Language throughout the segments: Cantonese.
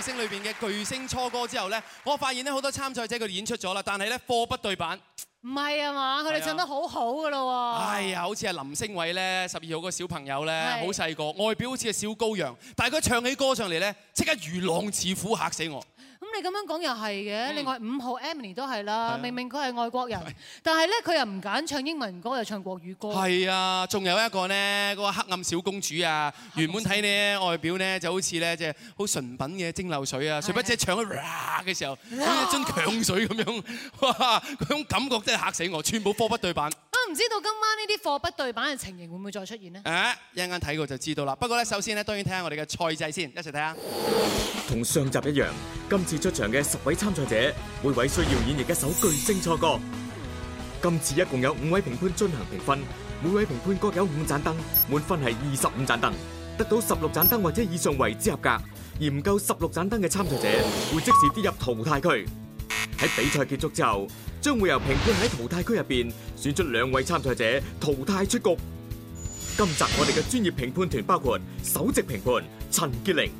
星裏邊嘅巨聲初歌之後咧，我發現咧好多參賽者佢哋演出咗啦，但係咧貨不對版，唔係啊嘛，佢哋唱得好好噶咯喎。係啊，好似係林昇湋咧，十二號個小朋友咧，好細個，外表好似係小羔羊，但係佢唱起歌上嚟咧，即刻如狼似虎，嚇死我。咁你咁樣講又係嘅，另外五號 Emily 都係啦，明明佢係外國人，但係咧佢又唔揀唱英文歌，又唱國語歌。係啊，仲有一個咧，嗰個黑暗小公主啊，原本睇咧外表咧就好似咧即係好純品嘅蒸餾水啊，誰不知唱起嘅時候，好似一樽強水咁樣，哇！嗰種感覺真係嚇死我，全部貨不對板。啊，唔知道今晚呢啲貨不對板嘅情形會唔會再出現咧？誒，一陣間睇過就知道啦。不過咧，首先咧，當然睇下我哋嘅賽制先，一齊睇下。同上集一樣，今次，出場嘅十位參賽者，每位需要演繹一首巨聲初歌。今次一共有五位評判進行評分，每位評判各有五盞燈，滿分係二十五盞燈，得到十六盞燈或者以上為之合格，而唔夠十六盞燈嘅參賽者會即時跌入淘汰區。喺比賽結束之後，將會由評判喺淘汰區入邊選出兩位參賽者淘汰出局。今集我哋嘅專業評判團包括首席評判陳潔靈。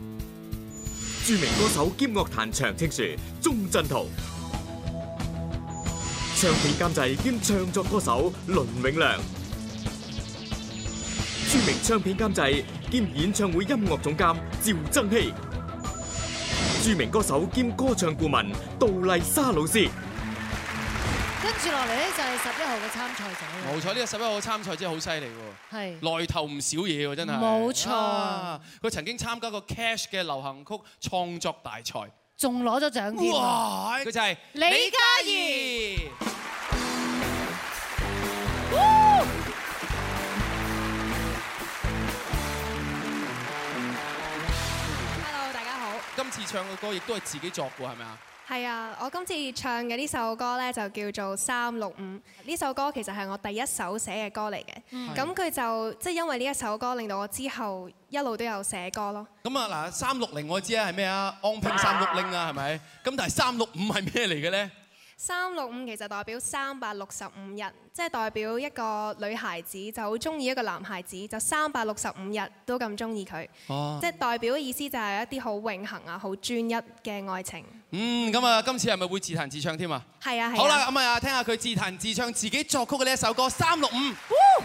著名歌手兼樂壇長青樹鍾鎮濤，唱片監製兼唱作歌手倫永亮，著名唱片監製兼演唱會音樂總監趙增熹，著名歌手兼歌唱顧問杜麗莎老師。跟住落嚟咧就係十一號嘅參賽者。冇錯，呢個十一號嘅參賽真係好犀利喎，來頭唔少嘢喎，真係。冇錯，佢曾經參加過 Cash 嘅流行曲創作大賽，仲攞咗獎添喎。佢就係李家怡。Hello，大家好。今次唱嘅歌亦都係自己作嘅喎，係咪啊？係啊，我今次唱嘅呢首歌咧就叫做《三六五》，呢首歌其實係我第一首寫嘅歌嚟嘅，咁佢就即係因為呢一首歌令到我之後一路都有寫歌咯、嗯。咁啊嗱，三六零我知啊，係咩啊？安平三六零啊，係咪？咁但係三六五係咩嚟嘅咧？三六五其實代表三百六十五日，即係代表一個女孩子就好中意一個男孩子，就三百六十五日都咁中意佢，啊、即係代表意思就係一啲好永恆啊、好專一嘅愛情。嗯，咁啊，今次係咪會自彈自唱添啊？係啊，係啊，好啦吧，咁啊，我哋聽下佢自彈自唱自己作曲嘅呢一首歌《三六五》。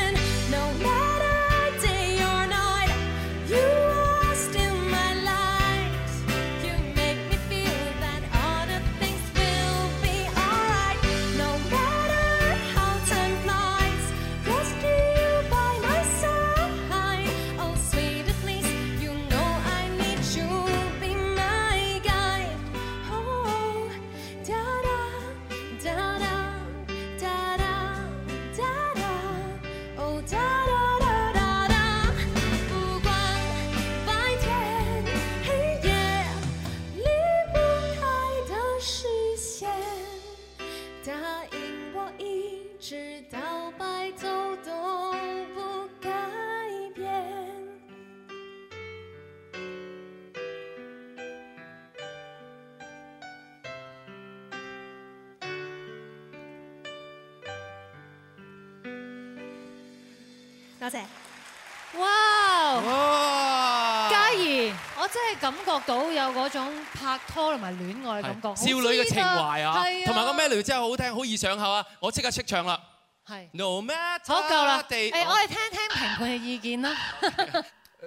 多謝。哇，家怡，我真係感覺到有嗰種拍拖同埋戀愛嘅感覺，少女嘅情懷啊，同埋對了 個咩 e 真係好聽，好易上口啊！我即刻識唱啦。係。No 咩？我夠啦。我哋，誒，我哋聽聽評判嘅意見啦。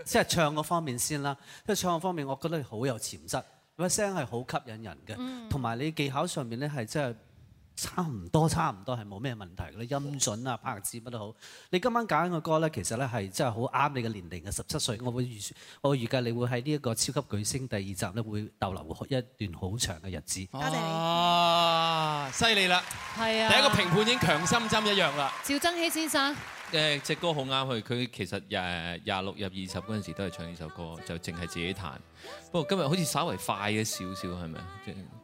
即係唱嗰方面先啦，即係唱嗰方面，我覺得係好有潛質，個聲係好吸引人嘅，同埋你技巧上面咧係真係。差唔多，差唔多係冇咩問題嘅咧，音準啊、拍子乜都好。你今晚揀嘅歌咧，其實咧係真係好啱你嘅年齡嘅十七歲。我會預我預計你會喺呢一個超級巨聲第二集咧會逗留一段好長嘅日子。哦，多謝你，犀利啦，係啊，第一個評判已經強心針一樣啦。趙增熹先生。誒隻歌好啱佢，佢其實廿廿六入二十嗰陣時都係唱呢首歌，就淨係自己彈。不過今日好似稍為快咗少少，係咪？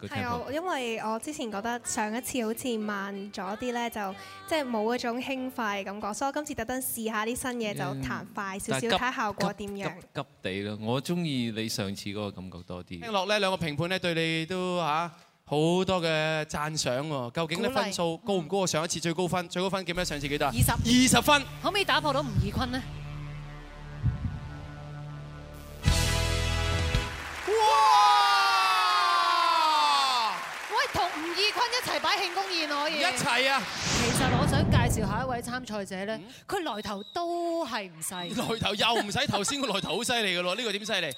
係啊，因為我之前覺得上一次好似慢咗啲咧，就即係冇嗰種輕快感覺，所以我今次特登試下啲新嘢，就彈快少少睇下效果點樣。急地咯，我中意你上次嗰個感覺多啲。聽落呢兩個評判咧對你都嚇。啊好多嘅讚賞喎，究竟啲分數高唔高啊？上一次最高分，最高分幾多？上次幾多啊？二十，二十分，可唔可以打破到吳業坤咧？哇！喂，同吳業坤一齊擺慶功宴可以？一齊啊！其實我想。下一位參賽者咧，佢來頭都係唔細， 不用剛才來頭又唔使頭先個來頭好犀利嘅咯，呢個點犀利？因為咧，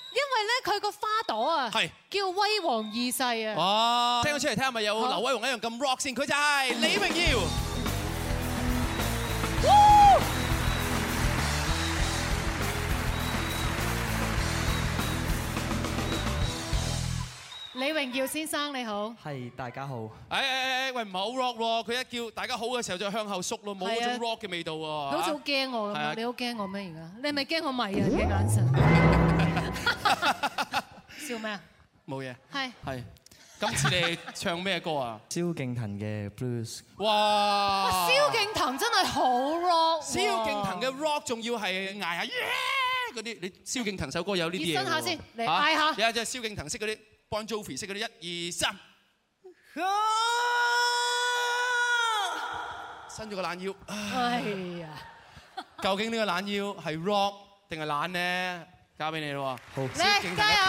佢個花朵啊是，叫威王二世啊，聽咗出嚟睇下咪有劉威王一樣咁 rock 先，佢就係李榮耀。李榮耀先生你好，係大家好。哎哎哎哎，喂唔係好 rock 喎！佢一叫大家好嘅時候就向後縮咯，冇嗰種 rock 嘅味道喎。好似好驚我噉！你好驚我咩？而家你係咪驚我迷人嘅眼神？笑咩啊？冇嘢。係係，今次你唱咩歌啊？蕭敬騰嘅 Blues。哇！蕭敬騰真係好 rock。蕭敬騰嘅 rock 仲要係嗌下耶嗰啲，你蕭敬騰首歌有呢啲嘢喎。起身下先嚟嗌下。有隻蕭敬騰識嗰啲。幫 Zoey 識嗰啲一二三，伸咗個懶腰。哎呀，究竟呢個懶腰係 rock 定係懶咧？交俾你咯喎，好，請大家！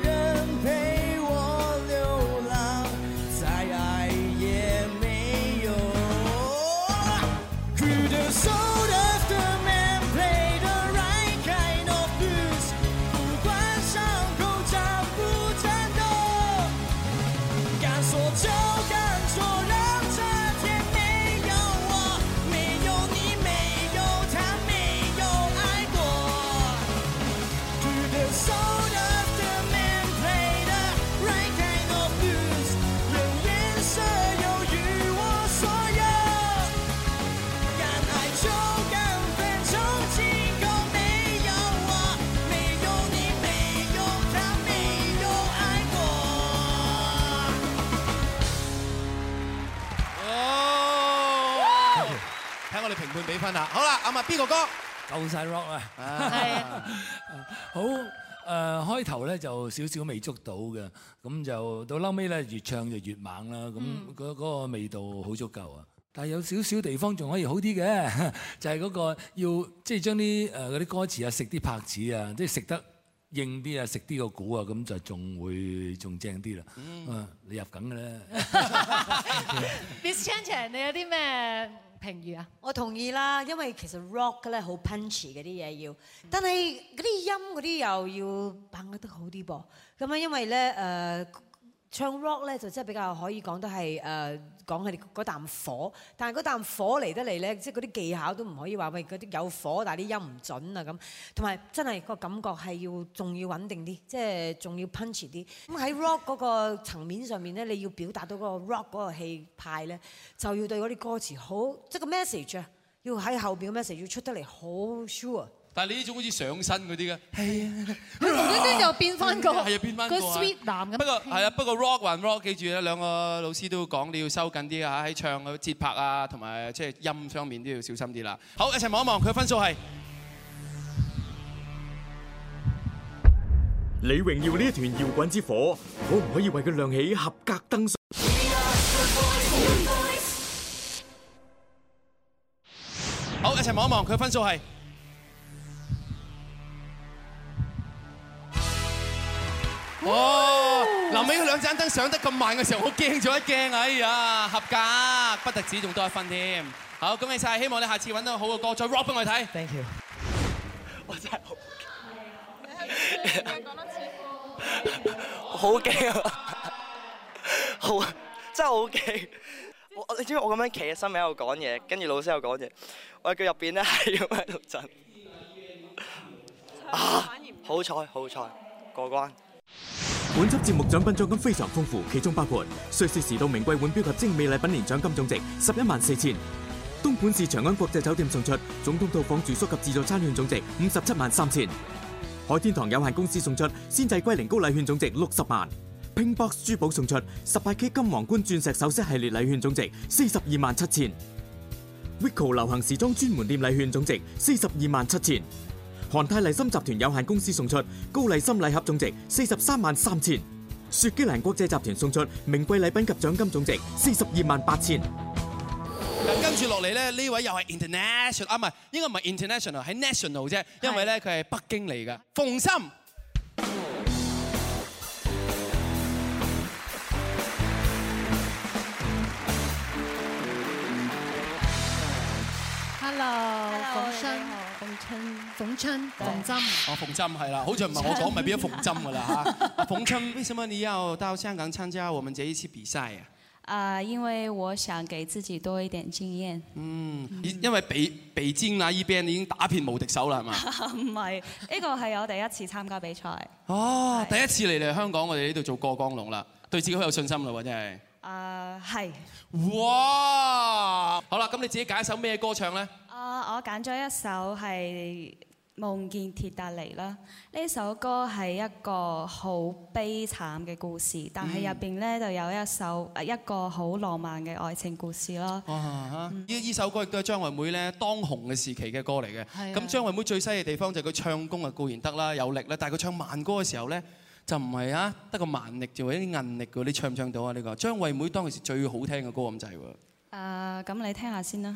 好啦，阿麥邊個歌？夠晒 rock 啊！ 好誒、呃，開頭咧就少少未捉到嘅，咁就到撈尾咧越唱就越猛啦。咁嗰、嗰個嗰個味道好足夠啊，但係有少少地方仲可以好啲嘅，就係、係、嗰個要即係將啲誒嗰啲歌詞啊，食啲拍子啊，即係食得。硬啲、嗯、啊，食啲個鼓啊，咁就仲會仲正啲啦。嗯，你入緊嘅咧。Miss Chan，你有啲咩評語啊？我同意啦，因為其實 rock 咧好 punchy 嗰啲嘢要，但係嗰啲音嗰啲又要把握得好啲噃。咁啊，因為咧誒。呃唱 rock 呢就真係比較可以講得係誒講係嗰啖火，但係嗰啖火嚟得嚟呢，即係嗰啲技巧都唔可以話喂，嗰啲有火，但係啲音唔準啊，同埋真係個感覺係要仲要穩定啲，即係仲要 punchy 啲。喺 rock 嗰個層面上面呢，你要表達到嗰個 rock 嗰個氣派呢，就要對嗰啲歌詞好，即係個 message 啊，要喺後邊 message 要出得嚟好 sure。但係你呢種好似上身嗰啲嘅，佢突然間又變翻個，個 sweet 男咁。不過係啊，不過 rock 還 rock，記住啊，兩個老師都講你要收緊啲啊，喺唱嘅節拍啊，同埋即係音上面都要小心啲啦。好，一齊望一望佢嘅分數係。李榮耀呢一團搖滾之火，可唔可以為佢亮起合格燈？好，一齊望一望佢嘅分數係。哦！臨尾嗰兩盞燈上得咁慢嘅時候，我驚咗一驚啊！哎呀，合格，不特止仲多一分添。好，恭喜晒！希望你下次揾到好嘅歌，再 rap 俾我哋睇。Thank you。我真係好驚，好，真係好驚。我你知唔知我咁樣企喺身位喺度講嘢，跟住老師又講嘢，我喺佢入邊咧喺度震。啊！好彩，好彩，過關。本輯節目獎品獎金非常豐富，其中包括瑞士時度名貴腕表及精美禮品，年獎金總值十一萬四千；東莞市長安國際酒店送出總統套房住宿及自助餐券，總值五十七萬三千；海天堂有限公司送出先製龜苓膏禮券，總值六十萬；拼搏珠寶送出十八 K 金皇冠鑽石首飾系列禮券，總值四十二萬七千；Wico 流行時裝專門店禮券總值四十二萬七千。韓泰麗森集團有限公司送出高麗參禮盒總值四十三萬三千。雪肌蘭國際集團送出名貴禮品及獎金總值四十二萬八千。跟住落嚟咧，呢位又係 international 啊，唔係，應該唔係 international，係 national 啫，因為咧佢係北京嚟噶。馮琛，Hello。縫針，縫針，哦，馮琛係啦，好在唔係我講，咪春變咗縫針噶啦吓。馮琛， 為什麼你要到香港參加我們這一次比賽啊？啊，因為我想給自己多一點經驗。嗯，因為北北京嗱依邊已經打遍無敵手啦，係嘛？唔係，呢個係我第一次參加比賽。 哦，第一次嚟嚟香港，我哋呢度做過江龍啦，對自己好有信心咯喎，真係。啊、呃，係。哇，好啦，咁你自己揀一首咩歌唱咧？啊！我揀咗一首係《夢見鐵達尼》啦，呢首歌係一個好悲慘嘅故事，但係入邊咧就有一首一個好浪漫嘅愛情故事咯。哇！呢呢首歌亦都係張惠妹咧當紅嘅時期嘅歌嚟嘅。係。咁張惠妹最犀利嘅地方就係佢唱功啊固然得啦，有力啦，但係佢唱慢歌嘅時候咧就唔係啊，得個慢力仲有啲韌力㗎，你唱唔唱到啊？呢個張惠妹當其時最好聽嘅歌咁滯喎。啊！咁你聽下先啦。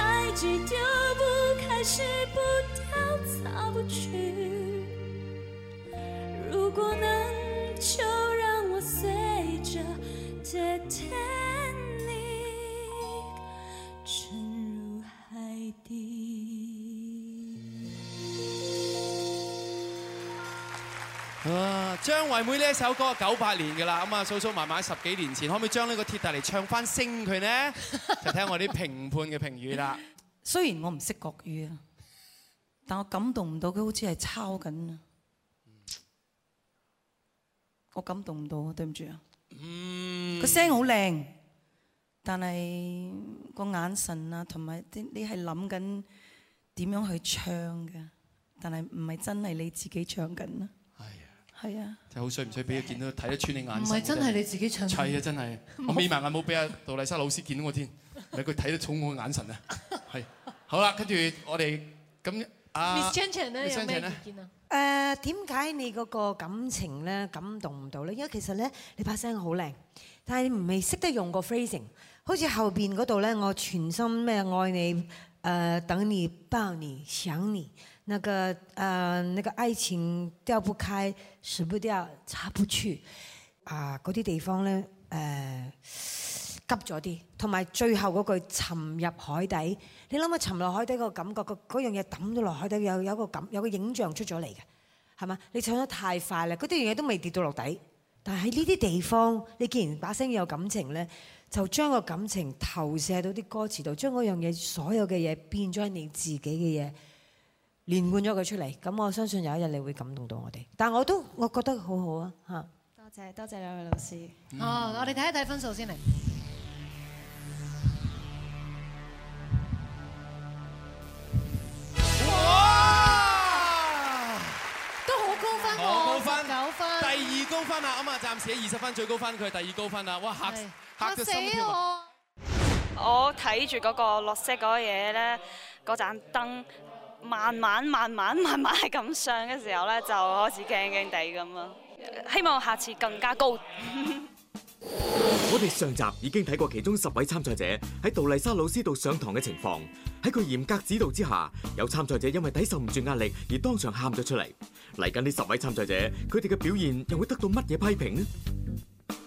啊！張惠妹呢一首歌九八年嘅啦，咁啊，數數埋埋十幾年前，可唔可以將呢個鐵達尼唱翻聲佢呢？就聽我啲評判嘅評語啦。雖然我唔識國語啊，但我感動唔到佢，好似係抄緊啊！我感動唔到啊，對唔住啊。嗯，個聲好靚，但係個眼神啊，同埋啲你係諗緊點樣去唱嘅，但係唔係真係你自己唱緊啊？係是啊，就好衰唔衰？俾佢見到睇得穿你眼神。唔係真係你自己唱。係啊真係，沒 我眯埋眼冇俾阿杜麗莎老師見到我添，佢睇 得穿我嘅眼神啊。係，好啦，跟住我哋咁啊，Miss Chan Chan 咧有咩意見啊？誒點解你嗰個感情咧感動唔到咧？因為其實咧你把聲好靚，但係你唔係識得用個 phrasing，好似後邊嗰度咧，我全心咩愛你誒、呃，等你抱你想你。那個啊、呃，那個愛情掉不開，死不掉，擦不去，啊嗰啲地方咧，誒、呃、急咗啲，同埋最後嗰句沉入海底，你諗下沉落海底個感覺，個嗰樣嘢抌到落海底，有有個感，有個影像出咗嚟嘅，係嘛？你唱得太快啦，嗰啲樣嘢都未跌到落底，但係喺呢啲地方，你既然把聲有感情咧，就將個感情投射到啲歌詞度，將嗰樣嘢所有嘅嘢變咗你自己嘅嘢。連貫咗佢出嚟，咁我相信有一日你會感動到我哋。但係我都我覺得好好啊嚇。多謝多謝兩位老師。哦，我哋睇一睇分數先嚟。哇！都好高分喎，十九分，第二高分啊！咁啊，暫時二十分最高分，佢係第二高分啊！哇，嚇嚇到心跳啊！我睇住嗰個綠色嗰嘢咧，嗰盞燈。慢慢、慢慢、慢慢係咁上嘅時候咧，就開始驚驚地咁啦。希望下次更加高 。我哋上集已經睇過其中十位參賽者喺杜麗莎老師度上堂嘅情況。喺佢嚴格指導之下，有參賽者因為抵受唔住壓力而當場喊咗出嚟。嚟緊呢十位參賽者，佢哋嘅表現又會得到乜嘢批評呢？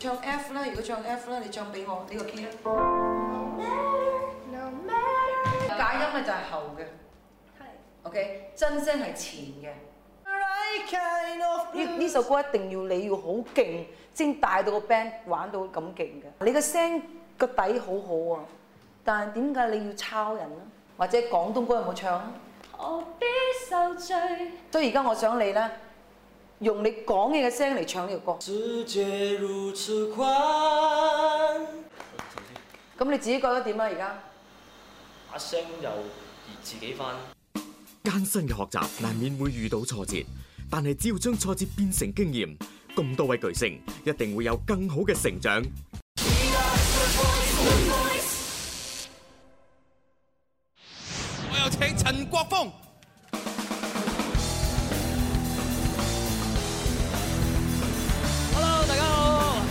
唱 F 啦，如果唱 F 啦，你唱俾我呢個 key 啦。假音咪就係喉嘅。OK，真聲係前嘅。呢，呢首歌一定要你要好勁，先帶到個 band 玩到咁勁嘅。你個聲個底好好啊，但係點解你要抄人咧？或者廣東歌有冇唱啊？何必受罪？所以而家我想你咧，用你講嘢嘅聲嚟唱呢個歌。世界如此寬。咁你自己覺得點啊？而家把聲又熱自己翻。艱辛嘅學習難免會遇到挫折，但係只要將挫折變成經驗，咁多位巨星一定會有更好嘅成長。The voice, the voice. 我有請陳國峰。Hello，大家好。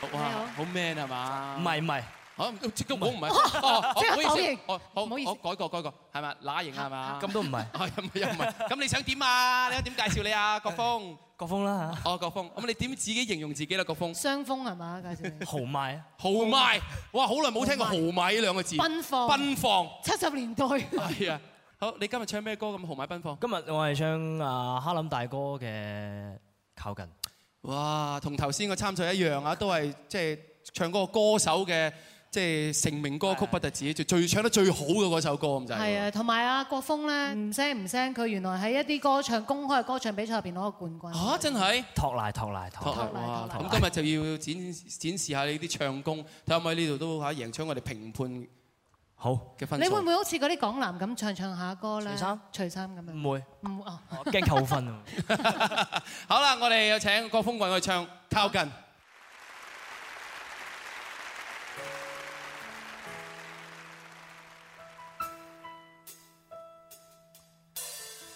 你 Hello? Hello? 好。好 man 係嘛？唔係唔係。好，即都冇唔係，好唔好意思，好唔好意思，改個改個，係嘛？乸型係嘛？咁都唔係，係唔係又唔係？咁你想點啊？你想點介紹你啊？國峰，國峰啦嚇。哦，國峰，咁你點自己形容自己啦？國峰，雙峰係嘛？介紹你豪邁，豪邁。哇！好耐冇聽過豪邁呢兩個字。奔放，奔放。七十年代。係啊。好，你今日唱咩歌咁豪邁奔放？今日我係唱阿哈林大哥嘅《靠近》。哇！同頭先個參賽一樣啊，都係即係唱嗰個歌手嘅。即係成名歌曲不特止，最最唱得最好嘅嗰首歌咁就係。係啊，同埋阿國峰咧，唔聲唔聲，佢原來喺一啲歌唱公開嘅歌唱比賽入邊攞過冠軍。嚇！真係？托賴托賴托賴，哇！咁今日就要展展示下你啲唱功，睇下咪呢度都嚇贏取我哋評判好嘅分數。你會唔會好似嗰啲港男咁唱唱下歌咧？除衫，除衫咁樣。唔會，唔會啊！我驚扣分啊！好啦，我哋有請國峰過去唱《靠近》。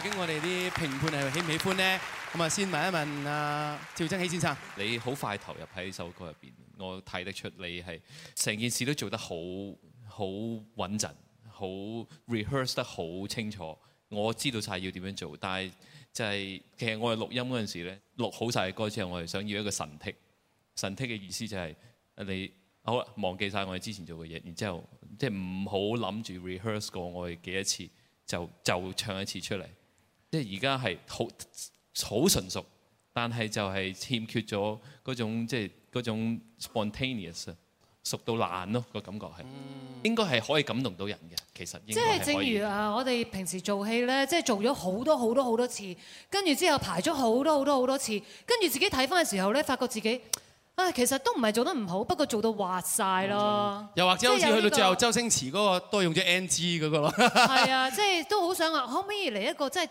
究竟我哋啲評判係喜唔喜歡呢？咁啊，先問一問阿趙增熹先生。你好快投入喺首歌入邊，我睇得出你係成件事都做得好好穩陣，好 rehearse 得好清楚。我知道晒要點樣做，但係就係、是、其實我係錄音嗰陣時咧，錄好晒嘅歌之後，我係想要一個神剔。神剔嘅意思就係、是、你好啦，忘記晒我哋之前做嘅嘢，然之後即係、就、唔、是、好諗住 rehearse 過我哋幾多次，就就唱一次出嚟。即係而家係好好純熟，但係就係欠缺咗嗰種即係嗰種 spontaneous，熟到爛咯個感覺係，應該係可以感動到人嘅其實。即係正如啊，我哋平時做戲咧，即係做咗好多好多好多次，跟住之後排咗好多好多好多次，跟住自己睇返嘅時候咧，發覺自己。其實都唔係做得唔好，不過做到滑晒咯、嗯。又或者好似去到最後，周星馳嗰個都用咗 NG 嗰個咯。係啊，即係都好想話，可唔可以嚟一個真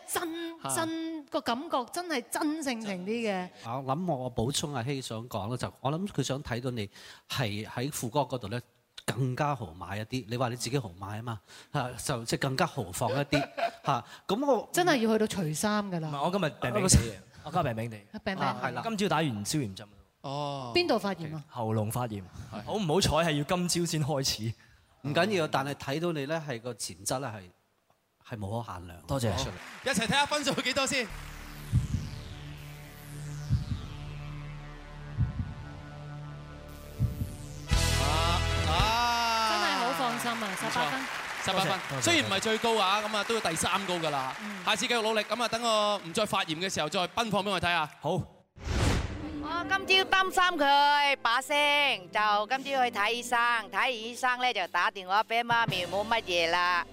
真個感覺，真係真性情啲嘅？我諗我補充阿希想講咧，就我諗佢想睇到你係喺副歌嗰度咧更加豪邁一啲。你話你自己豪邁啊嘛，嚇就即係更加豪放一啲嚇。咁我真係要去到除衫噶啦。唔係，我今日病病地，我今日病病地。病病，今朝打完消炎針。邊度發炎啊？喉嚨發炎，好唔好彩係要今朝先開始，唔緊要，但係睇到你咧係個潛質咧係係無可限量。多謝阿 Sir，一齊睇下分數幾多先啊？啊啊！真係好放心啊，十八分，十八分，雖然唔係最高啊，咁啊都要第三高噶啦。下次繼續努力，咁啊等我唔再發炎嘅時候再奔放俾我睇下。好。我今朝擔心佢把聲，就今朝去睇醫生，睇完醫生咧就打電話俾媽咪冇乜嘢啦。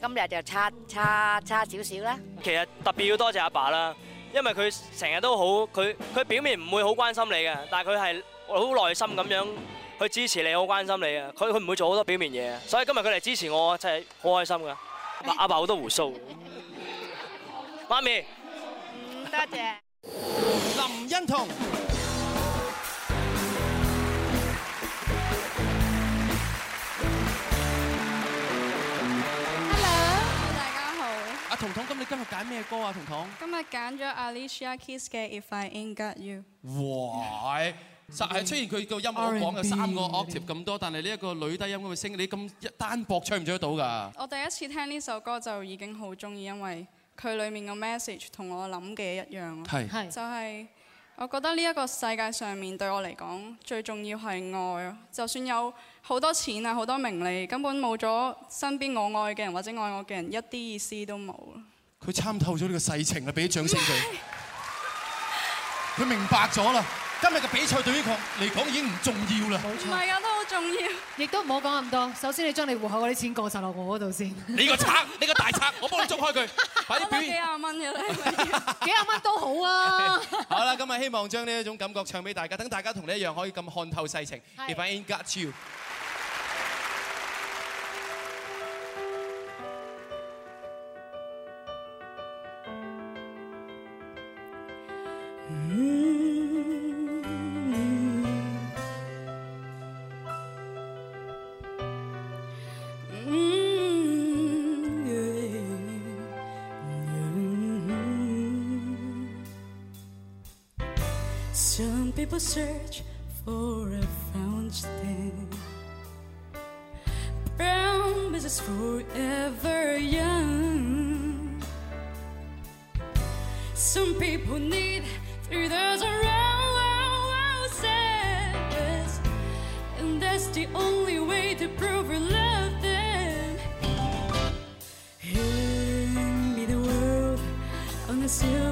今日就差差差少少啦。其實特別要多謝阿爸啦，因為佢成日都好，佢佢表面唔會好關心你嘅，但係佢係好耐心咁樣去支持你，好關心你嘅。佢佢唔會做好多表面嘢，所以今日佢嚟支持我真係好開心噶。阿爸好多鬍鬚，媽咪，嗯，多謝。林欣彤，Hello，大家好。阿彤彤，咁你今日揀咩歌啊？彤彤，今日揀咗 Alicia Keys 嘅 If I Ain't Got You。哇，實係雖然佢個音樂講有三個 octave 咁多，但係呢一個女低音咁嘅聲，你咁單薄唱唔唱得到噶？我第一次聽呢首歌就已經好鍾意，因為。佢裡面嘅 message 同我諗嘅一樣咯，就係我覺得呢一個世界上面對我嚟講最重要係愛，就算有好多錢啊好多名利，根本冇咗身邊我愛嘅人或者愛我嘅人，一啲意思都冇。佢參透咗呢個世情啊，俾啲掌聲佢，佢明白咗啦。今日嘅比賽對於我嚟講已經唔重要啦沒錯，唔係呀，都好重要。亦都唔好講咁多。首先，你將你戶口嗰啲錢過晒落我嗰度先。你個賊，你個大賊，我幫你捉開佢。快是的 幾廿蚊嘅咧， 幾廿蚊都好啊。好啦，咁希望將呢一種感覺唱俾大家，等大家同你一樣可以咁看透世情。是的 If I Ain't Got You。嗯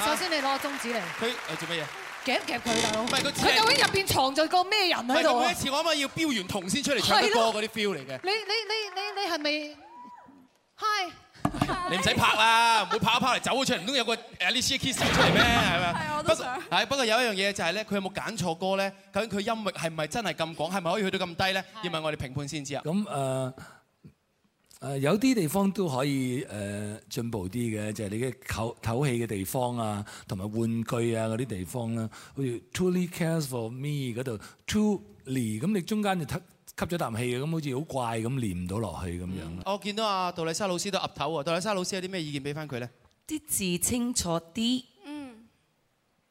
首先你攞個中指嚟，佢做乜嘢？夾夾佢大佬，佢究竟入邊藏咗個咩人喺度？每一次我啱啱要標完銅先出嚟唱歌嗰啲 feel 嚟嘅。你你你你是不是你係咪 h 你唔使拍啦，唔會拍一拍嚟走咗出嚟，唔通有個 Alice 的 kiss 出嚟咩？係咪 嗎？係不，不過有一樣嘢就係咧，佢有冇揀錯歌咧？究竟佢音樂係咪真係咁廣？係咪可以去到咁低咧？是的 要問我哋評判先知啊。咁誒。誒有啲地方都可以誒進步啲嘅，就係你嘅唞唞氣嘅地方啊，同埋玩具啊嗰啲地方啦，好似 Too late cares for me 嗰度 too late，咁你中間就吸咗啖氣嘅，咁好似好怪咁唔是的 到落去咁樣。我見到啊，杜麗莎老師都岌頭喎，杜麗莎老師有啲咩意見俾翻佢咧？啲字清楚啲。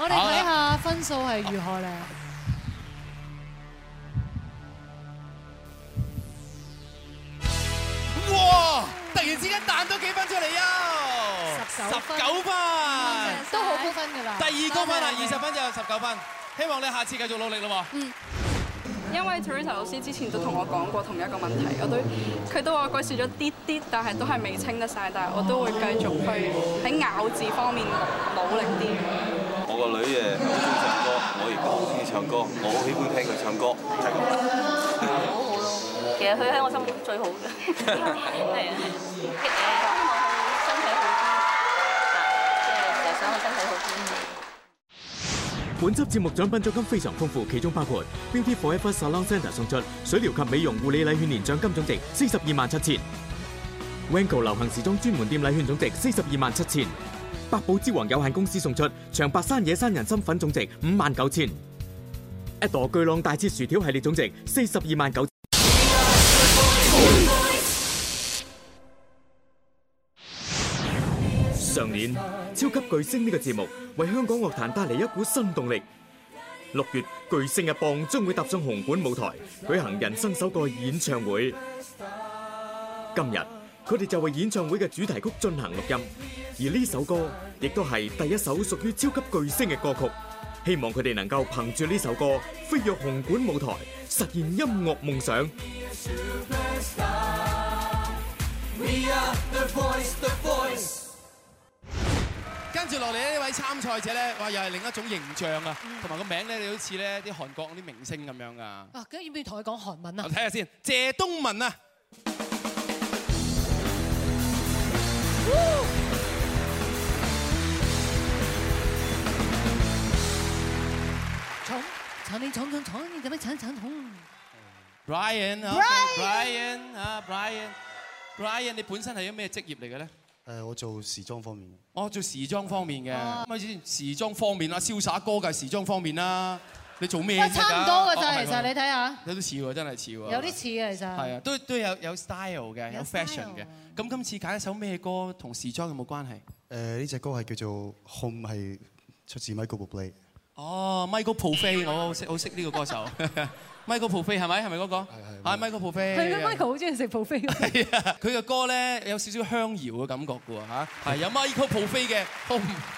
我哋睇下分數係如何咧！哇！突然之間彈多幾分出嚟啊！十九分，都好分對高分㗎啦！謝謝第二高分啦，二十分就有十九分，謝謝分分，希望你下次繼續努力咯喎！嗯，因為 Teresa 老師之前就同我講過同一個問題，我對佢都話改善咗啲啲，但係都係未清得晒，但係我都會繼續去喺咬字方面努力啲。個女誒，好中意唱歌，我亦都好中意唱歌，我好喜歡聽佢唱歌。就咁、好好咯，其實佢喺我心目中最好嘅，係啊好，希望佢身體好啲，即係就希望身體好啲。好，本週節目獎品獎金非常豐富，其中包括 Beauty Forever Salon Center 送出水療及美容護理禮券連獎金總值四十二萬七千，Wango 流行時裝專門店禮券總值四十二萬七千。百寶之王有限公司送出長白山野山人參粉總值五萬九千，一袋巨浪大只薯條系列總值四十二萬九。上年超級巨聲呢個節目為香港樂壇帶嚟一股新動力，六月巨聲一幫將會踏上紅館舞台舉行人生首個演唱會。今日。佢哋就為演唱會嘅主題曲進行錄音，而呢首歌亦都係第一首屬於超級巨星嘅歌曲。希望佢哋能夠憑住呢首歌飛躍紅館舞台，實現音樂夢想。跟住落嚟，呢位參賽者咧，哇又係另一種形象啊，同埋個名咧，你好似咧啲韓國啲明星咁樣噶。啊，咁要唔要同佢講韓文啊？睇下先，謝東閔啊。長，長的長，你怎麼長長 Brian，Brian，啊，Brian，Brian，你本身係啲咩職業嚟嘅咧？誒，uh, 我做時裝方面嘅。哦，oh, 做時裝方面嘅，咪先，時裝方面啦，瀟灑哥嘅時裝方面啦。你做咩嚟噶？差唔多噶咋，其實你睇下。有啲似喎，真係似喎。有啲似嘅，其實。係啊，都都有有 style 嘅，有 fashion 嘅。咁今次揀一首咩歌同時裝有冇關係？誒呢隻歌係叫做 Home，係出自 Michael Bublé。哦，Michael Puffey，我好識好識呢個歌手。Michael Puffey 係咪？係咪嗰個？係係。啊，Michael Puffey。係啊，Michael 好中意食 buffet。係啊。佢嘅歌咧有少少鄉謠嘅感覺嘅喎嚇。係有 Michael Puffey 嘅 Home。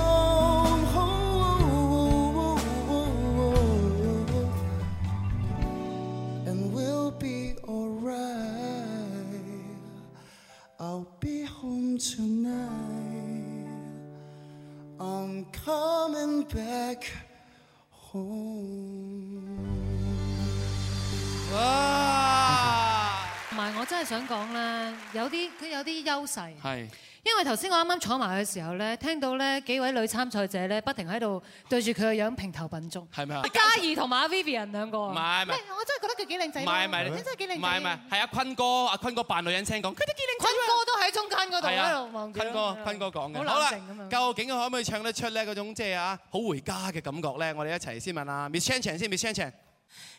哇！同埋我真係想講啦，有啲佢有啲優勢係。因為頭先我啱啱坐埋嘅時候咧，聽到咧幾位女參賽者咧不停喺度對住佢嘅樣評頭品足。係咪啊？嘉怡同埋 Vivian 兩個。唔係唔係，我真係覺得佢幾靚仔。唔係唔係，真係幾靚仔。唔係唔係，係阿坤哥，阿坤哥扮女人聲講。佢都幾靚仔。坤哥都喺中間嗰度，喺一路望佢。坤哥，坤哥講嘅。好，好啦，究竟可唔可以唱得出咧嗰種即係啊好回家嘅感覺咧？我哋一齊先問啊，Miss Chan Chan 先，Miss Chan Chan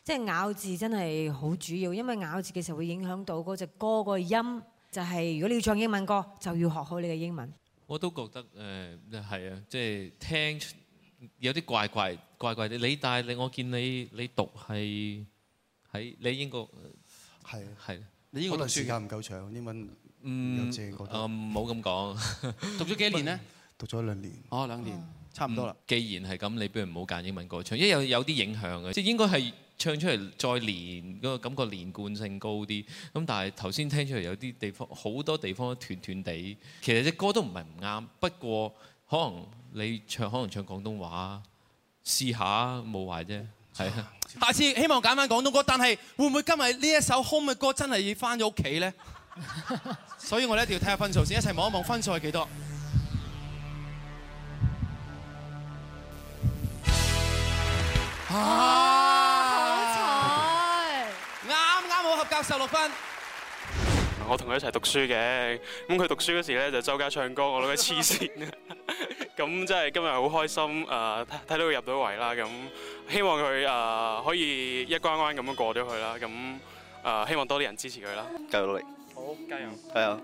即係咬字真係好主要，因為咬字嘅時候會影響到嗰隻歌個音。就係如果你要唱英文歌，就要學好你嘅英文。我都覺得誒係啊，即係聽有啲怪怪怪怪哋。你帶你我見你你讀係喺你英國係係。可能時間唔夠長，英文唔正覺得。啊，唔好咁講。讀咗幾年呢？讀咗兩年。哦，兩年，差唔多啦。既然係咁，你不如唔好揀英文歌唱，因為有有啲影響嘅。即係應該係。唱出嚟再連嗰個感覺連貫性高啲，咁但係頭先聽出嚟有啲地方好多地方都斷斷地，其實隻歌都唔係唔啱，不過可能你唱可能唱廣東話試下冇壞啫，係啊。下次希望揀翻廣東歌，但係會唔會今日呢一首 Home 嘅歌真係要翻咗屋企咧？ 所以我哋一定要睇下分數先，一齊望一望分數係幾多。啊！ 十六分，我同佢一齊讀書嘅，咁佢讀書嗰時咧就周街唱歌，我諗佢黐線。咁即係今日好開心，誒睇到佢入到圍啦，咁希望佢誒可以一關關咁樣過咗去啦，咁誒希望多啲人支持佢啦，繼續努力，好加油，係啊。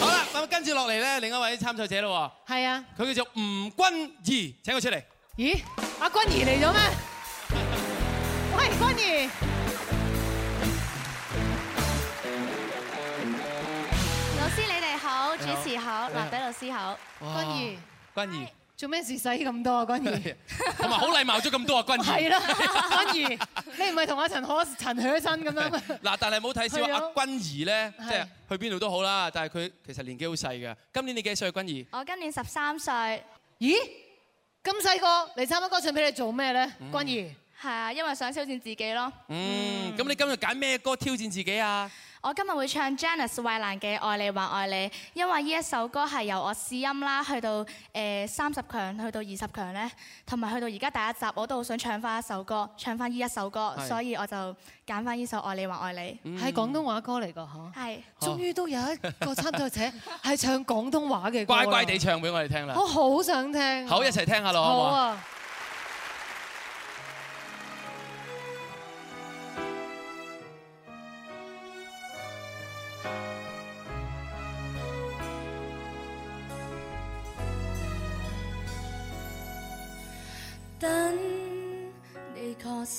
好啦，咁跟住落嚟咧，另一位參賽者咯，係啊，佢叫做吳筠怡，請佢出嚟。咦，阿筠怡嚟咗咩？喂，筠怡。幾時考？嗱，喺度思考。筠怡，筠怡，做咩事使咁多啊？筠怡，同埋好禮貌咗咁多啊！筠怡， 係啦，筠怡，你唔係同阿陳可、陳曉生咁樣。嗱，但係冇睇小阿筠怡咧，即係的、啊就是、去邊度都好啦。但係佢其實年紀好細嘅。今年你幾歲，筠怡？我今年十三歲。咦？咁細個你參加歌唱比賽你做咩咧，筠怡、嗯？係啊，因為想挑戰自己咯。嗯，咁你今日揀咩歌挑戰自己啊？我今日會唱 Janice 衛蘭嘅《愛你還愛你》，因為呢一首歌係由我試音啦，去到誒三十強，去到二十強咧，同埋去到而家第一集，我都好想唱翻一首歌，唱翻呢一首歌，所以我就揀翻呢首《愛你還愛你》。係廣東話歌嚟㗎嚇。係。終於都有一個參賽者係唱廣東話嘅。乖乖地唱俾我哋聽啦。我好想聽。好，一齊聽下咯，好啊。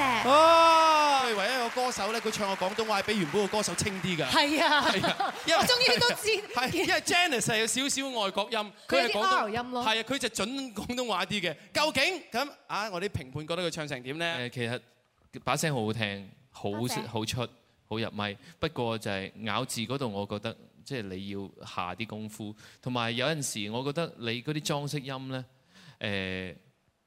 哇、啊！唯一,一個歌手咧，佢唱個廣東話比原本個歌手清啲㗎。係啊，是啊，因為我終於都知道是、啊。係、啊，是啊、因為 Janice 係有少少外國音，佢係講到音咯。係啊，佢就準廣東話啲嘅。究竟咁啊？我啲評判覺得佢唱成點咧？誒，其實把、那個、聲好好聽，好，謝謝好出好入咪。不過就係咬字嗰度，我覺得即係、就是、你要下啲功夫。同埋有陣時，我覺得你嗰啲裝飾音咧，誒、呃、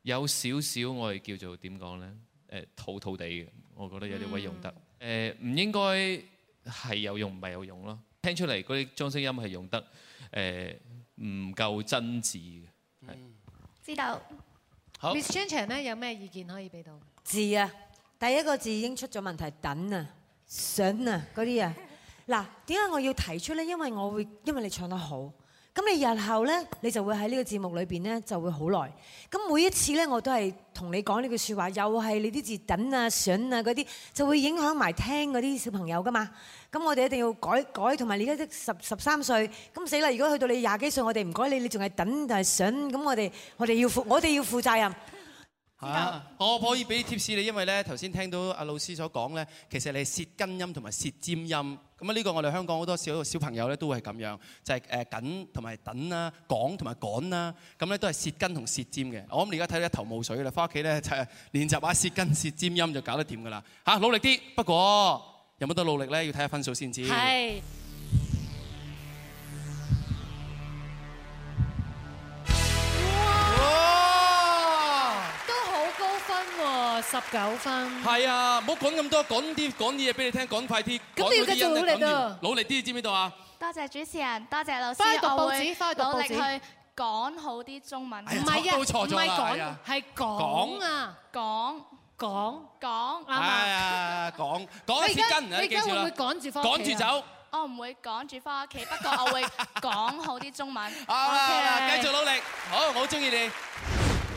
有少少我哋叫做點講咧？誒，土土地嘅，我覺得有啲位用得，誒唔應該係有用，唔係有用咯，聽出嚟嗰啲裝飾音係用得。誒，唔夠真摯嘅。嗯，知道好。好，Miss Chan Chang 咧，有咩意見可以俾到？字啊，第一個字已經出咗問題，等想啊、筍啊嗰啲啊。嗱，點解我要提出咧？因為我會，因為你唱得好。咁你日後咧，你就會喺呢個節目裏面咧，就會好耐。咁每一次咧，我都係同你講呢句說話，又係你啲字等啊、想啊嗰啲，就會影響埋聽嗰啲小朋友噶嘛。咁我哋一定要改改，同埋你而家得十十三歲，咁死啦！如果去到你廿幾歲，我哋唔改你，你仲係等定係想，咁我哋我哋要負我哋要負責任。嚇！可唔可以俾啲 tips 你？因為咧頭先聽到阿老師所講咧，其實你係舌根音同埋舌尖音。咁啊，呢個我哋香港好多小小朋友咧都係咁樣，就係、是、誒緊同埋等啦，講同埋趕啦。咁咧都係舌根同舌尖嘅。我諗你而家睇到一頭霧水啦，翻屋企咧就練習下舌根、舌尖音就搞得掂㗎啦。嚇！努力啲，不過有冇得努力咧，要睇下分數先知。十九分，係啊，唔好講咁多，講啲講啲嘢俾你聽，講快啲，都要繼續努力。都，努力啲，你知唔知道啊？多謝主持人，多謝老師，翻去讀報紙，翻去努力去，講好啲中文，唔係啊，唔係趕，係講啊，講講講，係啊，講講先跟，你會唔會趕住翻屋企，趕住走，我唔會趕住翻屋企，不過我會講好啲中文。好啊，繼續努力，好，我好中意你。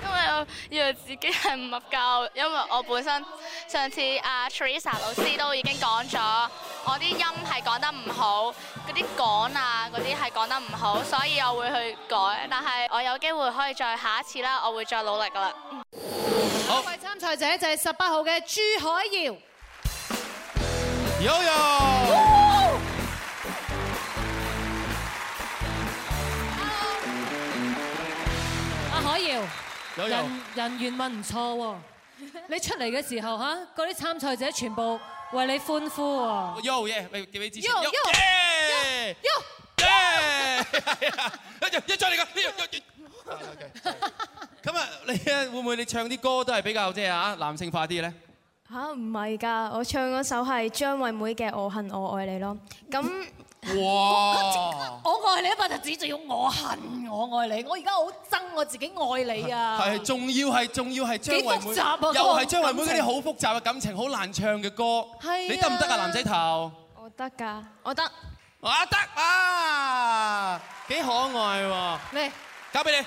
因為我以為自己係唔夠，因為我本身上次阿 Teresa 老師都已經講咗，我啲音係講得唔好，嗰啲講啊嗰啲係講得唔好，所以我會去改。但係我有機會可以再下一次啦，我會再努力噶啦。好，各位參賽者就係十八號嘅朱愷瑤。Yo 人人緣問唔錯喎，collaborate 你出嚟嘅時候嚇，嗰啲參賽者全部為你歡呼喎。Yo 叫謝謝你耶一嚟㗎咁啊，你會唔會你唱啲歌都係比較即係啊男性化啲咧？嚇唔係㗎，我唱嗰首係張惠妹嘅《我恨我愛你》咯。咁。哇！我愛你一百次，仲要我恨我愛你，我而家好憎我自己愛你啊！係，仲要係仲要係張惠妹，又係張惠妹嗰啲好複雜嘅感情，好難唱嘅歌。係啊，你得唔得啊？男仔頭，我得㗎，我得，我得啊，幾可愛喎！你交俾你。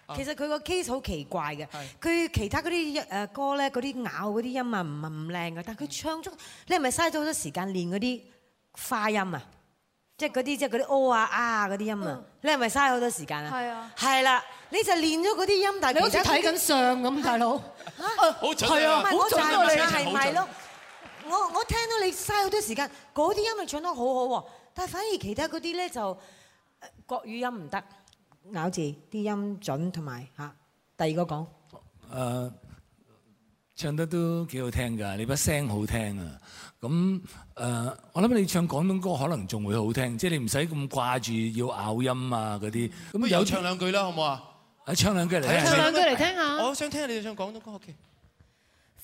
其實佢個 case 好奇怪嘅，佢其他嗰啲誒歌咧，嗰啲咬嗰啲音啊，唔係唔靚嘅，但係佢唱出，你係咪嘥咗好多時間練嗰啲花音、就是就是哦、啊，啊，啊音？即係嗰啲即係嗰啲 O 啊 R 嗰啲音啊，你係咪嘥好多時間啊？係啊，係啦，你就練咗嗰啲音，但係佢都睇緊相咁，大佬嚇，好準啊，好準啊，你係咪咯？我我聽到你嘥好多時間，嗰啲音咪唱得好好喎，但係反而其他嗰啲咧就國語音唔得。咬字啲音準同埋吓第二個講。誒，唱得都幾好聽㗎，你把聲好聽啊。咁誒，我諗你唱廣東歌可能仲會好聽，即係你唔使咁掛住要咬音啊嗰啲。咁啊有唱兩句啦，好唔好啊？唱兩句嚟，唱兩句嚟聽下。我想聽下你哋唱廣東歌，OK？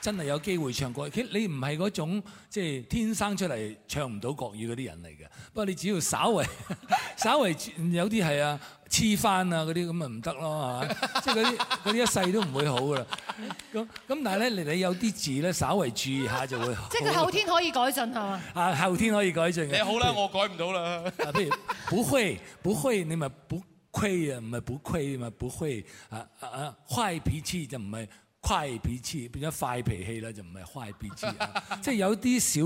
真係有機會唱過，其實你唔係嗰種即係天生出嚟唱唔到國語嗰啲人嚟嘅。不過你只要稍為稍為有啲係啊黐翻啊嗰啲咁咪唔得咯，係即係嗰啲啲一世都唔會好噶啦。咁咁但係咧，你你有啲字咧稍微注意一下就會好。即係佢後天可以改進係嘛？啊，後天可以改進嘅。你好啦，如我改唔到啦。不了了如，不會不會，你咪不愧啊咪不愧咪不，不，不會啊啊！壞脾氣就唔係。快，變快脾氣變咗快脾氣啦，就唔係快脾氣啊！即係有啲少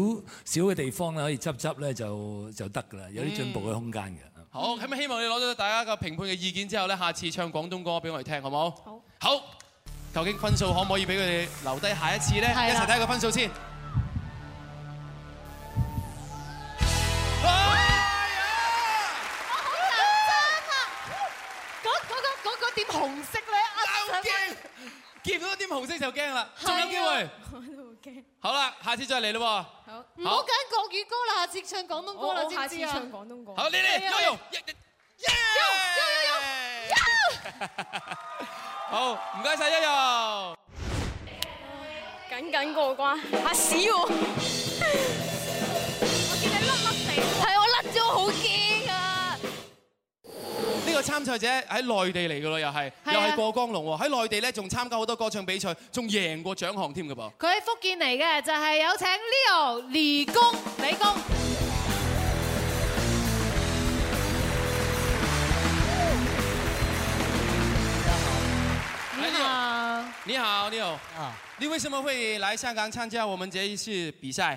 少嘅地方咧，可以執執咧就就得㗎啦，有啲進步嘅空間嘅。好，咁希望你攞到大家嘅評判嘅意見之後咧，下次唱廣東歌俾我哋聽，好冇？好，好。好。究竟分數可唔可以俾佢哋留低下一次咧？是的 一齊睇下個分數先。 我好啊！嗰、嗰、嗰個嗰、嗰個嗰個點紅色咧？啊見到啲紅色就驚啦，仲有機會。我都會驚。好啦，下次再嚟咯喎。好，唔好揀國語歌啦，下次唱廣東歌啦，知唔知啊？下次唱廣東歌。好，Lily，悠悠，耶！悠悠悠悠。好，唔該曬悠悠。緊緊過關，嚇死我！我見你甩甩地，係我甩咗，我好驚。這個參賽者喺內地嚟嘅咯，又係又係過江龍喎。喺內地咧，仲參加好多歌唱比賽，仲贏過獎項添嘅噃。佢喺福建嚟嘅，就係、是、有請 Leo 李恭李恭。你好，你好，你好。啊，你為什麼會嚟香港參加我們這一次比賽？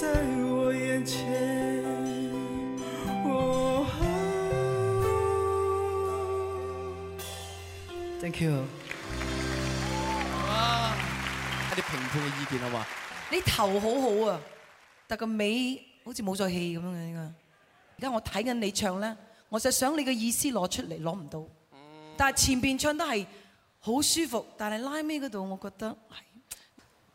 在我眼前，Thank you。啊，一啲評判嘅意見好嘛。你頭好好啊，但個尾好似冇咗氣咁樣。而家，而家我睇緊你唱咧，我就想你嘅意思攞出嚟，攞唔到。但係前邊唱得係好舒服，但係拉尾嗰度，我覺得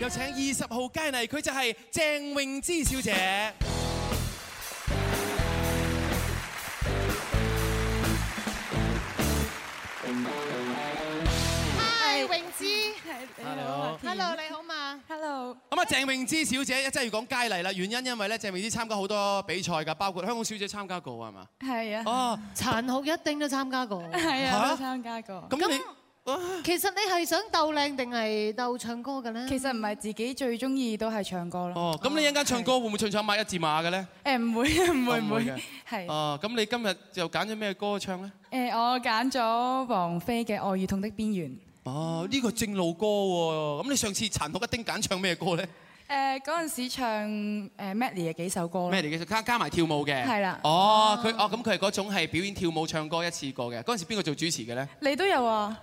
有請二十號佳麗，佢就係鄭詠之小姐。Hi，詠之。Hello。Hello，你好嘛？Hello。咁啊，鄭詠之小姐，一即係要講佳麗啦。原因因為咧，鄭詠之參加好多比賽㗎，包括香港小姐參加過係嘛？係啊。哦，殘酷一叮都參加過。係啊。參加過。咁你？其實你係想鬥靚定係鬥唱歌嘅咧？其實唔係自己最中意，都係唱歌囉。哦，咁你一陣間唱歌會唔會唱唱馬一字馬嘅咧？誒，唔會唔會唔會係。哦，咁你今日又揀咗咩歌唱咧？誒，我揀咗王菲嘅《愛與痛的邊緣》。哦，呢個正路歌喎。咁你上次殘酷一叮揀唱咩歌咧？誒，嗰陣時唱誒 Mandy 嘅幾首歌咯。Mandy 嘅加加埋跳舞嘅。係啦。哦，佢哦咁佢係嗰種係表演跳舞唱歌一次過嘅。嗰陣時邊個做主持嘅咧？你都有啊。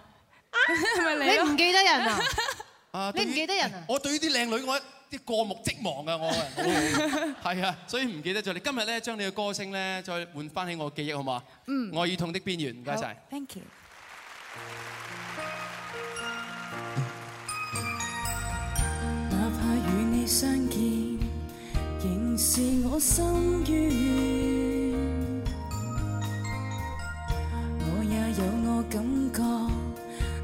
不你唔記得人啊？ 於你唔記得人啊？我對啲靚女，我一啲過目即忘啊！我係啊， 所以唔記得咗。你今日咧，將你嘅歌聲咧，再換翻起我嘅記憶，好嘛？嗯，愛與痛的邊緣，唔該晒。Thank you。謝謝。哪怕與你相見，仍是我心願。我也有我感覺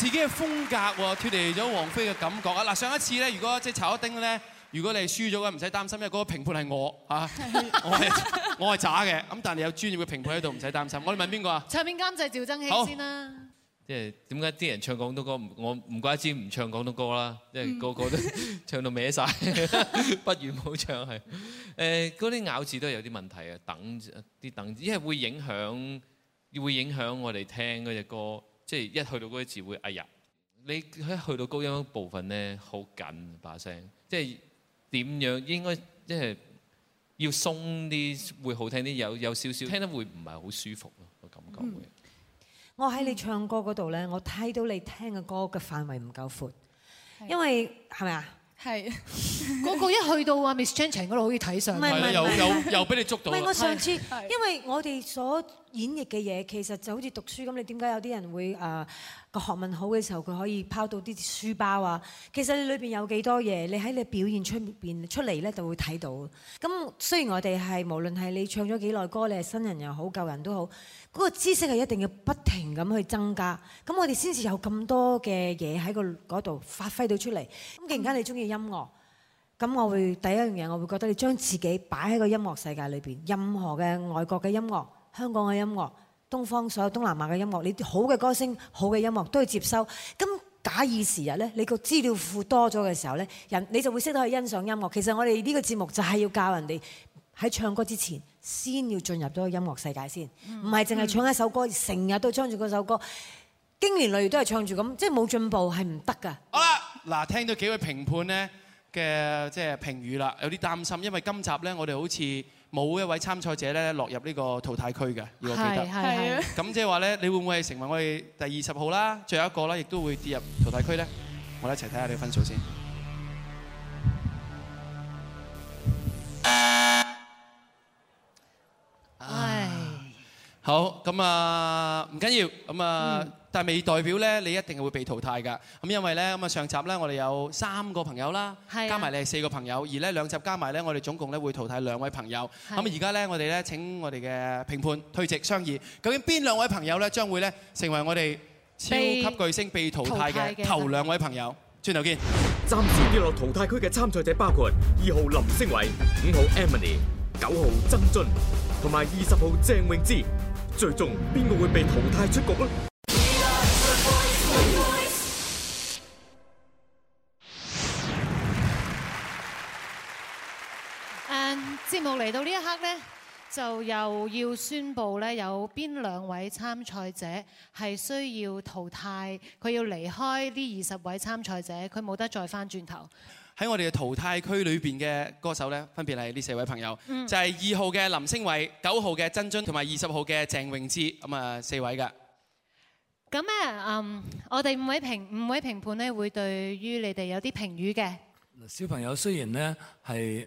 自己嘅風格喎，脫離咗王菲嘅感覺啊！嗱，上一次咧，如果即係炒一丁咧，如果你係輸咗嘅，唔使擔心，因為嗰個評判係我嚇的，我係我係渣嘅。咁但係有專業嘅評判喺度，唔使擔心。我哋問邊個啊？唱片監製趙增熹好先啦吧。即係點解啲人唱廣東歌我唔怪之唔唱廣東歌啦？即係個個都唱到歪晒。 不如唔好唱係。誒，嗰啲咬字都有啲問題啊，等啲等，因為會影響會影響我哋聽嗰隻歌。即係一去到嗰啲字會哎呀！你一去到高音部分咧，好緊把聲，即係點樣應該即係要鬆啲會好聽啲，有有少少聽得會唔係好舒服咯我感覺會。我喺你唱歌嗰度咧，我睇到你聽嘅歌嘅範圍唔夠闊，因為係咪啊？係嗰個一去到啊 Miss Chan Chan 嗰度，可以睇上嚟又又又俾你捉到。唔係我上次，因為我哋所。演繹嘅嘢其實就好似讀書咁，你點解有啲人會誒個、呃、學問好嘅時候，佢可以拋到啲書包啊？其實你裏邊有幾多嘢，你喺你表現出面出嚟咧，就會睇到。咁雖然我哋係無論係你唱咗幾耐歌，你係新人又好，舊人都好，嗰、嗰個知識係一定要不停咁去增加。咁我哋先至有咁多嘅嘢喺個嗰度發揮到出嚟。咁突然間你中意音樂，咁我會第一樣嘢，我會覺得你將自己擺喺個音樂世界裏邊，任何嘅外國嘅音樂。香港嘅音樂，東方所有東南亞嘅音樂，你好嘅歌聲、好嘅音樂都要接收。咁假以時日呢，你個資料庫多咗嘅時候呢，人你就會識得去欣賞音樂。其實我哋呢個節目就係要教人哋喺唱歌之前，先要進入到個音樂世界先，唔係淨係唱一首歌，成日都唱住嗰首歌，經年累月都係唱住咁，即係冇進步係唔得噶。好啦，嗱，聽到幾位評判呢嘅即係評語啦，有啲擔心，因為今集呢，我哋好似，冇一位參賽者咧落入呢個淘汰區嘅，要我記得。係。咁即係話咧，你會唔會係成為我哋第二十號啦？最後一個啦，亦都會跌入淘汰區咧。我哋一齊睇下你分數先。唉，好，咁啊，唔緊要，咁啊。但係未代表咧，你一定係會被淘汰㗎。咁因為咧，咁啊上集咧，我哋有三個朋友啦，加埋你係四個朋友，而咧兩集加埋咧，我哋總共咧會淘汰兩位朋友。咁啊而家咧，我哋咧請我哋嘅評判退席商議，究竟邊兩位朋友咧將會咧成為我哋超級巨聲被淘汰嘅頭兩位朋友。轉頭見。暫時跌落淘汰區嘅參賽者包括二號林昇湋、五號 Emily、九號曾臻同埋二十號鄭詠之。最終邊個會被淘汰出局咧？節目嚟到呢一刻呢，就又要宣布呢，有邊兩位參賽者係需要淘汰，佢要離開呢二十位參賽者，佢冇得再翻轉頭。喺我哋嘅淘汰區裏邊嘅歌手呢，分別係呢四位朋友，就係、是、二號嘅林昇湋、九號嘅曾臻同埋二十號嘅鄭詠之，咁啊四位嘅。咁呢，嗯，我哋五位評五位評判呢，會對於你哋有啲評語嘅。小朋友雖然呢，係。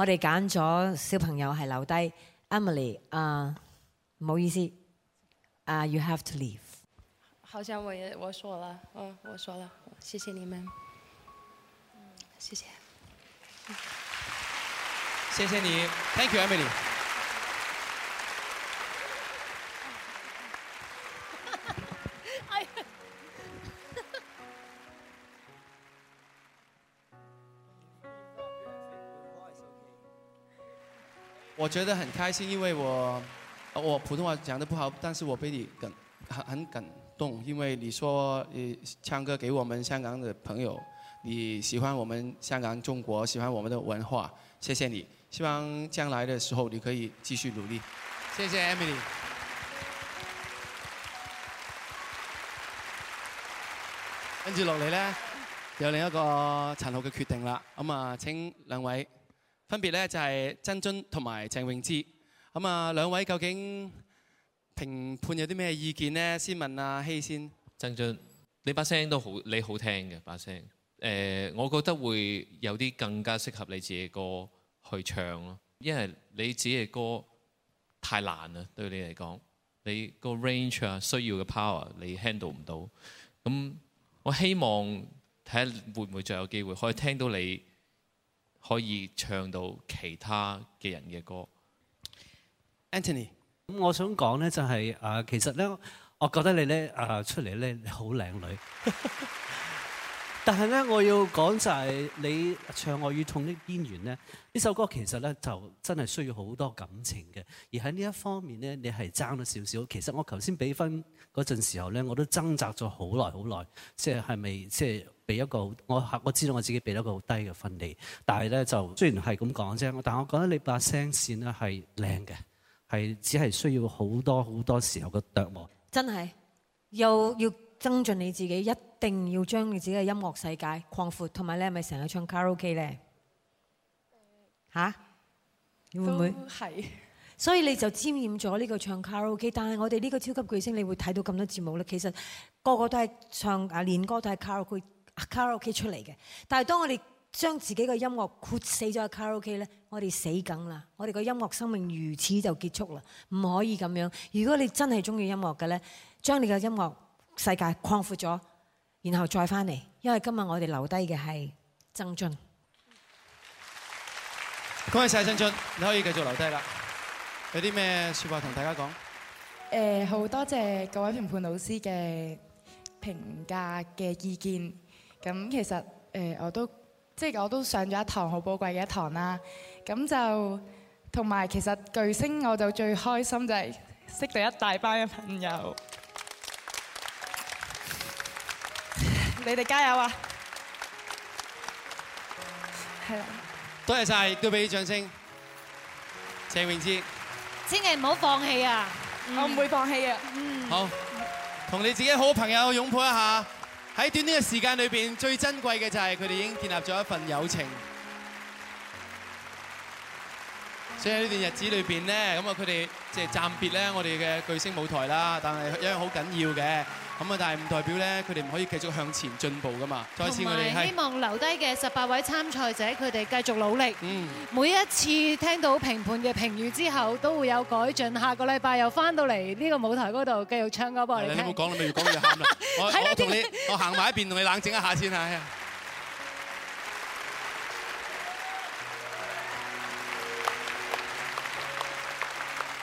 我哋揀咗小朋友係留低 Emily 啊，唔好意思啊，uh，You have to leave。好像我我說了我，我說了，謝謝你們，謝謝，謝謝你，Thank you, Emily。我覺得很開心，因為我，我普通話講得不好，但是我被你感，很很感動，因為你說你，唱歌給我們香港的朋友，你喜歡我們香港、中國，喜歡我們的文化，謝謝你，希望將來的時候你可以繼續努力。謝謝 Emily。跟住落嚟呢，有另一個殘酷嘅決定啦，咁啊，請兩位。分別咧就係曾臻同埋鄭詠之。咁啊，兩位究竟評判有啲咩意見呢？先問阿希先，曾臻，你把聲都好，你的都好聽嘅把聲，誒、呃，我覺得會有啲更加適合你自己嘅歌去唱咯，因為你自己嘅歌太難啦，對你嚟講，你個 range 啊需要嘅 power 你 handle 唔到，咁我希望睇下會唔會再有機會可以聽到你。可以唱到其他嘅人嘅歌，Anthony。咁我想講咧就係、是呃、其實咧，我覺得你咧、呃、出嚟咧你好靚女。 但係咧，我要講就係你唱《愛與痛的邊緣》咧，呢首歌其實咧就真係需要好多感情嘅。而喺呢一方面咧，你係爭咗少少。其實我頭先俾分嗰陣時候咧，我都掙扎咗好耐好耐，即係係咪即係俾一個我我知道我自己俾一個好低嘅分你。但係咧，就雖然係咁講啫，但我覺得你把聲線咧係靚嘅，係只係需要好多好多時候嘅琢磨。真係又要增進你自己一。一定要將你自己嘅音樂世界擴闊，同埋你係咪成日唱卡拉 O K 咧吓？會唔會？是的 所以你就沾染咗呢個唱卡拉 O K。但係我哋呢個超級巨星，你會睇到咁多節目咧。其實個個都係唱啊，連歌都係卡拉 O K，卡拉 O K 出嚟嘅。但係當我哋將自己嘅音樂豁死咗喺卡拉 O K 咧，我哋死梗啦。我哋個音樂生命如此就結束啦，唔可以咁樣。如果你真係中意音樂嘅咧，將你嘅音樂世界擴闊咗。然後，再翻嚟。因為今日我哋留低嘅係曾臻。恭喜曬曾臻，你可以繼續留低啦。有啲咩說話同大家講？誒，好多謝各位評判老師嘅評價嘅意見。咁其實誒，我都即係我都上咗一堂好寶貴嘅一堂啦。咁就同埋其實巨聲，我就最開心就係識到一大班嘅朋友。你哋加油啊！係啦，多謝晒，都俾掌聲。鄭詠之，千祈唔好放棄啊！我唔會放棄啊！嗯，好，同你自己好朋友擁抱一下。喺短短嘅時間裏邊，最珍貴嘅就係佢哋已經建立咗一份友情。所以呢段日子裏邊呢，咁啊佢哋即係暫別咧我哋嘅巨聲舞台啦，但係一樣好緊要嘅。咁啊！但係唔代表咧，佢哋唔可以繼續向前進步噶嘛。再次我哋希望留低嘅十八位參賽者，佢哋繼續努力，每一次聽到評判嘅評語之後，都會有改進，下個禮拜又翻到嚟呢個舞台嗰度繼續唱歌俾我哋聽。你冇講，你咪越講越慘啦！我我同你，我行埋一邊，同你冷靜一下先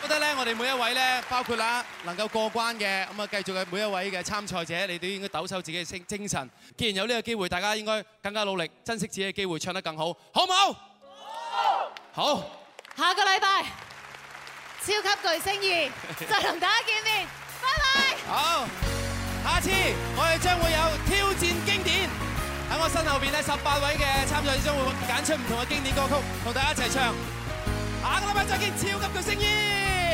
覺得咧，我哋每一位咧，包括啦，能夠過關嘅，咁啊繼續嘅每一位嘅參賽者，你都應該抖擻自己嘅精神。既然有呢個機會，大家應該更加努力，珍惜自己嘅機會，唱得更好，好唔好？好。好。下個禮拜《超級巨聲二》再同大家見面，拜拜。好，下次我哋將會有挑戰經典，喺我身後邊咧十八位嘅參賽者將會揀出唔同嘅經典歌曲，同大家一齊唱。下個禮拜再見，《超級巨聲二》。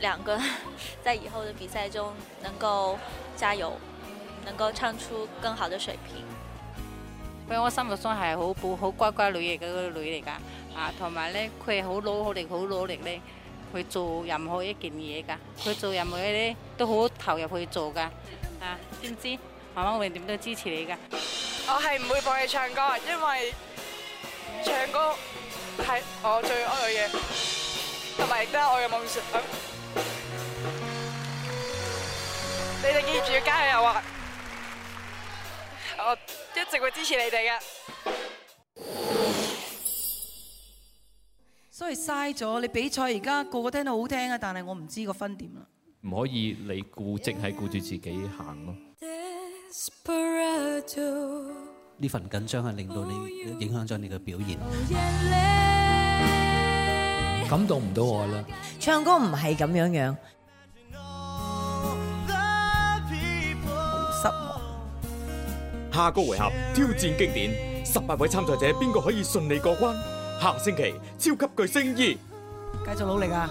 兩個在以後的比賽中能夠加油，能夠唱出更好的水平。我心目中係好好乖乖女嘅個女嚟噶，啊，同埋咧佢係好努力好努力咧去做任何一件嘢噶，佢做任何嘢咧都好投入去做噶，啊、嗯，知唔知？媽媽會點都支持你噶。我係唔會放棄唱歌，因為唱歌係我最愛嘅嘢，同埋亦都係我嘅夢想。你哋記住加油啊！我一直會支持你哋嘅。所以嘥咗，你比賽而家個個聽到好聽啊，但係我唔知個分點啦。唔可以，你顧即係顧住自己行咯。呢份緊張係令到你影響咗你嘅表現，感動唔到我啦。唱歌唔係咁樣樣。下個回合挑戰經典，十八位參賽者邊個可以順利過關？下星期超級巨聲二，繼續努力啊！